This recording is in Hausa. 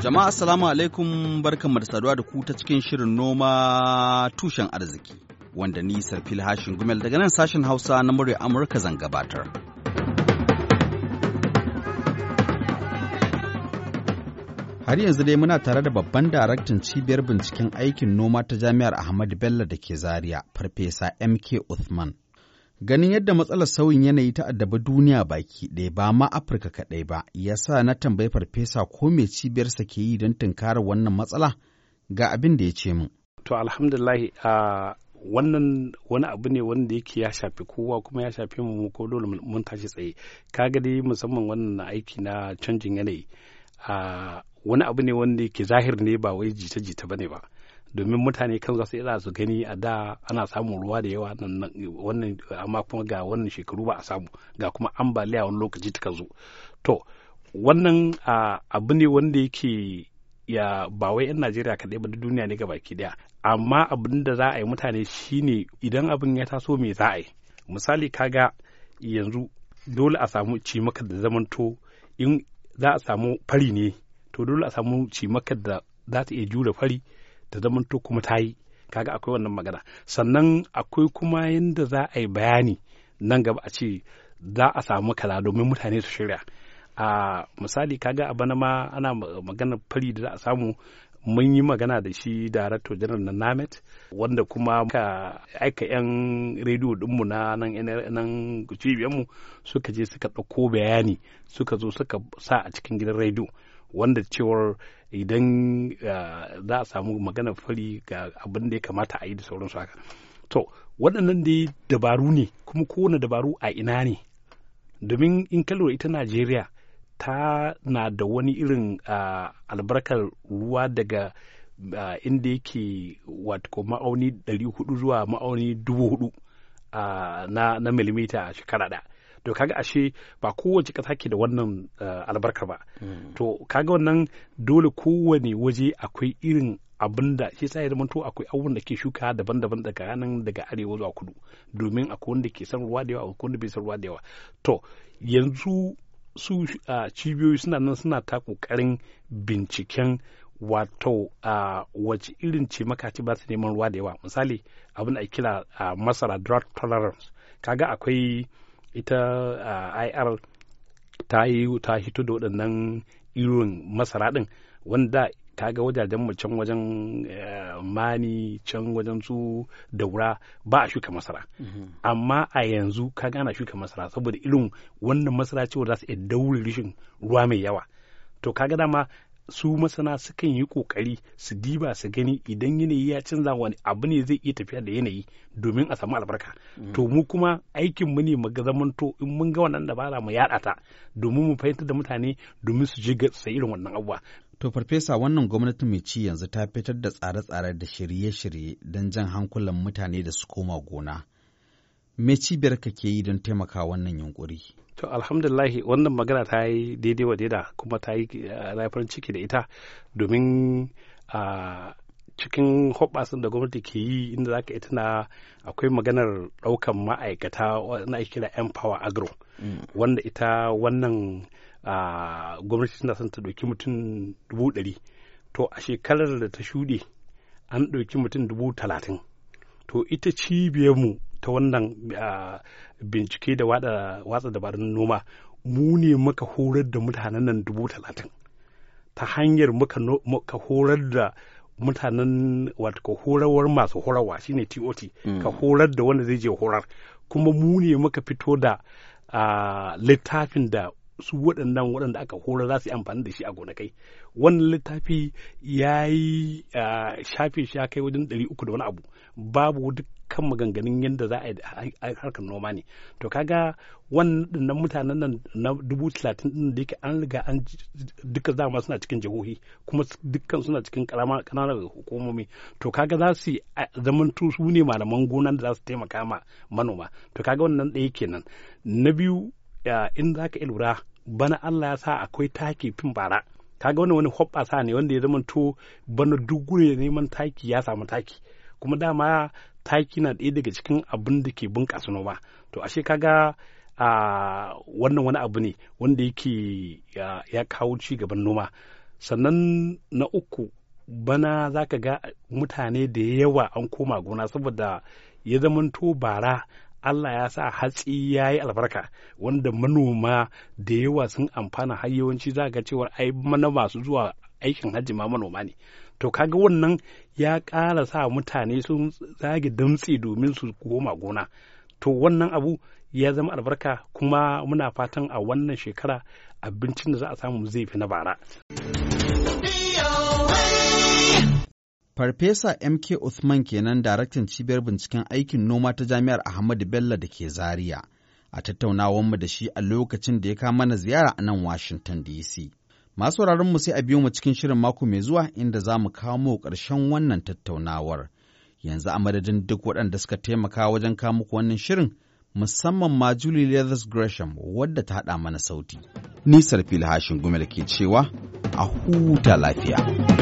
Jama'a assalamu alaikum barkanmu da saduwa da ku ta cikin shirin noma tushen arziki wanda ni Sarfil Hashin Gumel daga nan sashen Hausa na murya Amurka zan gabatar. Har yanzu dai muna tare da babban daraktan cibiyar binciken aikin noma ta jami'ar Ahmadu Bello da ke Zaria, Farfesa MK Uthman. Ganin yadda matsalar sauyin yanayi ta addaba duniya baki ɗaya ba ma Afirka kaɗai ba, ya sa na tambayi farfesa ko me cibiyarsa ke yi don tunkarar wannan matsala ga abin da ya ce min. To alhamdulahi a wannan wani abu ne wanda yake ya shafi kowa kuma ya shafi mu ko dole mun tashi tsaye. Kaga dai musamman wannan aiki na canjin yanayi. wani abu ne wanda yake zahir ne ba wai jita-jita bane ba. domin mutane kan za su yi su gani a da ana samun ruwa da yawa wannan amma kuma ga wannan shekaru ba a samu ga kuma ambaliya wani lokaci ta zo to wannan abu ne wanda yake ya ba wai 'yan najeriya kaɗai ba duniya ne baki daya amma abin da za a yi mutane shine idan abin ya taso me za a yi misali kaga yanzu dole a samu cimaka da zamanto in za a samu fari ne to dole a samu cimaka da za ta iya jure fari ta zamanto kuma ta yi kaga akwai wannan magana sannan akwai kuma yadda za a yi bayani nan gaba a ce za a samu kala domin mutane su shirya a misali kaga a bana ma ana magana fari da za a samu mun yi magana da shi darakto janar na namet wanda kuma ka aika 'yan rediyo dinmu na nan cibiyanmu suka je suka ɗauko bayani suka zo suka sa a cikin gidan rediyo wanda cewar idan ah, za a samu magana fari ga abin da ya kamata a yi da sauransu haka to waɗannan dai dabaru ne kuma kowane dabaru a ina ne domin in ka ita najeriya ta na da wani irin ah, albarkar ruwa daga ah, inda yake wato ma'auni 400 zuwa ma'auni 4,000 na, na milimita a shekara ɗaya to kaga ashe ba kowace ƙasa ke da wannan eh, albarka ba hmm. to kaga wannan dole kowane waje akwai irin abin da shi sa ya zama to akwai abubuwan da ke shuka daban-daban daga nan daga arewa zuwa kudu domin akwai wanda ke san ruwa da yawa akwai wanda bai san ruwa da yawa to yanzu su eh, cibiyoyi suna nan suna ta kokarin binciken wato a eh, wace irin ce makaci ba su neman ruwa da yawa misali abin da kira masara drought tolerance kaga akwai ita a ir ta yi ta hito da waɗannan irin masara ɗin wanda ga wajajen mu can wajen eh, mani can wajen su daura ba a shuka masara mm-hmm. amma a yanzu ka gana shuka masara saboda irin wannan masara cewa za su iya daure rishin ruwa mai yawa to kaga dama su masana sukan yi kokari su diba su gani idan yanayi ya canza wani abu ne zai iya tafiya da yanayi domin a samu albarka mm. to mu kuma aikin mu ne mu ga zamanto in mun ga wannan dabara mu yaɗa ta domin mu fahimtar da mutane domin su je sai irin wannan abuwa To farfesa wannan gwamnati mai ci yanzu ta fitar da tsare-tsare da shirye-shirye don jan hankulan mutane da su koma gona. me cibiyar ka ke yi don taimaka wannan yunkuri to alhamdulillah wannan magana ta yi daidai wa daida kuma ta yi eh, rafin ciki da ita domin a ah, cikin hoɓasin da gwamnati ke yi inda za ka tana akwai maganar ɗaukan ma'aikata na ake kira empower agro mm. wanda ita wannan ah, gwamnati tana son ta ɗauki mutum dubu ɗari to a shekarar da ta shuɗe an ɗauki mutum dubu talatin to ita cibiyarmu aka wannan bincike da watsa dabarun noma mu ne muka horar da mutanen nan dubu talatin ta hanyar muka horar da mutanen wato ka horarwar masu horarwa shine TOT ka mm. horar da wanda zai je horar kuma mu ne muka fito da littafin da su waɗannan waɗanda aka horar za su yi amfani da shi a gonakai wannan littafi ya yi shafe shi kai wajen ɗari uku da wani abu babu duk kan maganganun yadda za a harkar noma ne to kaga wannan mutanen nan na dubu talatin da yake an riga an duka suna cikin jihohi kuma dukkan suna cikin kananan hukumomi to kaga za su zaman su ne malaman gonan da za su taimaka ma manoma to kaga wannan ɗaya kenan na biyu in za ka lura bana Allah ya sa akwai taki fin bara kaga wani wani hoɓɓasa ne wanda ya zama to bana duk gure neman taki ya samu taki kuma dama taki na ɗaya daga cikin abin da ke bunƙasa noma to ashe kaga a wannan wani abu ne wanda yake ya kawo ci gaban noma sannan na uku bana za ka ga mutane da yawa an koma gona saboda ya zamanto bara Allah ya sa hatsi ya yi albarka wanda manoma da yawa sun amfana har yawanci za ga cewar ai mana masu zuwa aikin hajji ma manoma ne to kaga wannan ya ƙara sa mutane sun zage damtsi domin su koma gona to wannan abu ya zama albarka kuma muna fatan a wannan shekara abincin da za a samu zai fi na bara. Farfesa MK Uthman kenan daraktan cibiyar binciken aikin noma ta jami'ar Ahmadu Bello da ke Zaria a tattaunawanmu da shi a lokacin da ya kama na ziyara a nan Washington DC. Masu mu sai a biyo mu cikin shirin mako mai zuwa inda za mu kawo mu ƙarshen wannan tattaunawar. Yanzu a madadin duk waɗanda suka taimaka wajen kawo muku wannan shirin musamman ma Julie Leathers Gresham wadda ta haɗa mana sauti. Nisar fili hashin gumel ke cewa a huta lafiya.